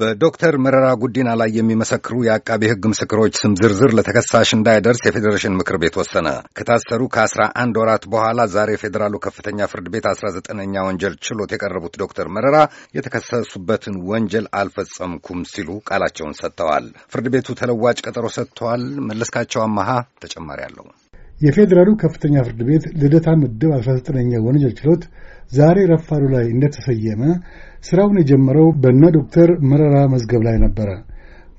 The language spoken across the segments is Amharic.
በዶክተር መረራ ጉዲና ላይ የሚመሰክሩ የአቃቤ ሕግ ምስክሮች ስም ዝርዝር ለተከሳሽ እንዳይደርስ የፌዴሬሽን ምክር ቤት ወሰነ። ከታሰሩ ከአስራ አንድ ወራት በኋላ ዛሬ ፌዴራሉ ከፍተኛ ፍርድ ቤት አስራ ዘጠነኛ ወንጀል ችሎት የቀረቡት ዶክተር መረራ የተከሰሱበትን ወንጀል አልፈጸምኩም ሲሉ ቃላቸውን ሰጥተዋል። ፍርድ ቤቱ ተለዋጭ ቀጠሮ ሰጥተዋል። መለስካቸው አመሃ ተጨማሪ አለው። የፌዴራሉ ከፍተኛ ፍርድ ቤት ልደታ ምድብ 19ኛ ወንጀል ችሎት ዛሬ ረፋዱ ላይ እንደተሰየመ ስራውን የጀመረው በነ ዶክተር መረራ መዝገብ ላይ ነበረ።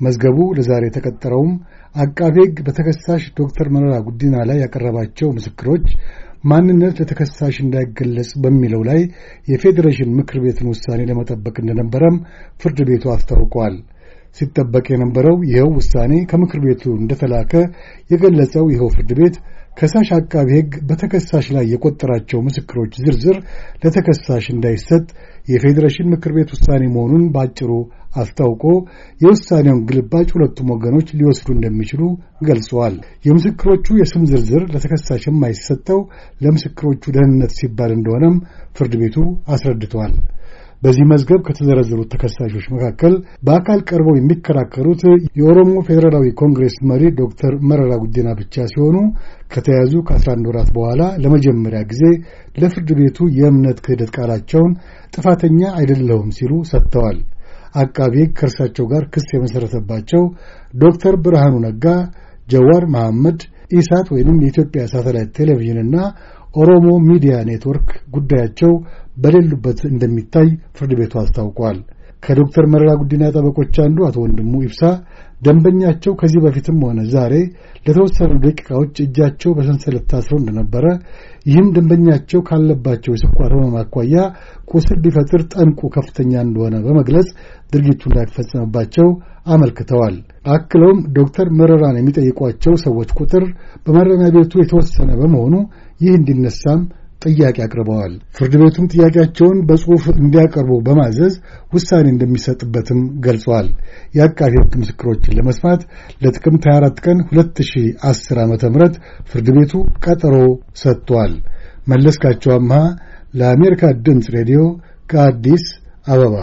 መዝገቡ ለዛሬ የተቀጠረውም አቃቤ ሕግ በተከሳሽ ዶክተር መረራ ጉዲና ላይ ያቀረባቸው ምስክሮች ማንነት ለተከሳሽ እንዳይገለጽ በሚለው ላይ የፌዴሬሽን ምክር ቤትን ውሳኔ ለመጠበቅ እንደነበረም ፍርድ ቤቱ አስታውቋል። ሲጠበቅ የነበረው ይኸው ውሳኔ ከምክር ቤቱ እንደተላከ የገለጸው ይኸው ፍርድ ቤት ከሳሽ አቃቢ ሕግ በተከሳሽ ላይ የቆጠራቸው ምስክሮች ዝርዝር ለተከሳሽ እንዳይሰጥ የፌዴሬሽን ምክር ቤት ውሳኔ መሆኑን በአጭሩ አስታውቆ የውሳኔውን ግልባጭ ሁለቱም ወገኖች ሊወስዱ እንደሚችሉ ገልጸዋል። የምስክሮቹ የስም ዝርዝር ለተከሳሽ የማይሰጠው ለምስክሮቹ ደህንነት ሲባል እንደሆነም ፍርድ ቤቱ አስረድተዋል። በዚህ መዝገብ ከተዘረዘሩት ተከሳሾች መካከል በአካል ቀርበው የሚከራከሩት የኦሮሞ ፌዴራላዊ ኮንግሬስ መሪ ዶክተር መረራ ጉዲና ብቻ ሲሆኑ ከተያዙ ከ11 ወራት በኋላ ለመጀመሪያ ጊዜ ለፍርድ ቤቱ የእምነት ክህደት ቃላቸውን ጥፋተኛ አይደለሁም ሲሉ ሰጥተዋል። አቃቢ ሕግ ከእርሳቸው ጋር ክስ የመሠረተባቸው ዶክተር ብርሃኑ ነጋ፣ ጀዋር መሐመድ ኢሳት ወይንም የኢትዮጵያ ሳተላይት ቴሌቪዥንና ኦሮሞ ሚዲያ ኔትወርክ ጉዳያቸው በሌሉበት እንደሚታይ ፍርድ ቤቱ አስታውቋል። ከዶክተር መረራ ጉዲና ጠበቆች አንዱ አቶ ወንድሙ ኢብሳ ደንበኛቸው ከዚህ በፊትም ሆነ ዛሬ ለተወሰኑ ደቂቃዎች እጃቸው በሰንሰለት ታስረው እንደነበረ ይህም ደንበኛቸው ካለባቸው የስኳር ሕመም አኳያ ቁስል ቢፈጥር ጠንቁ ከፍተኛ እንደሆነ በመግለጽ ድርጊቱ እንዳይፈጸምባቸው አመልክተዋል። አክለውም ዶክተር መረራን የሚጠይቋቸው ሰዎች ቁጥር በማረሚያ ቤቱ የተወሰነ በመሆኑ ይህ እንዲነሳም ጥያቄ አቅርበዋል። ፍርድ ቤቱም ጥያቄያቸውን በጽሑፍ እንዲያቀርቡ በማዘዝ ውሳኔ እንደሚሰጥበትም ገልጿል። የአቃቤ ሕግ ምስክሮችን ለመስማት ለጥቅምት 24 ቀን 2010 ዓ ም ፍርድ ቤቱ ቀጠሮ ሰጥቷል። መለስካቸው አምሃ ለአሜሪካ ድምፅ ሬዲዮ ከአዲስ አበባ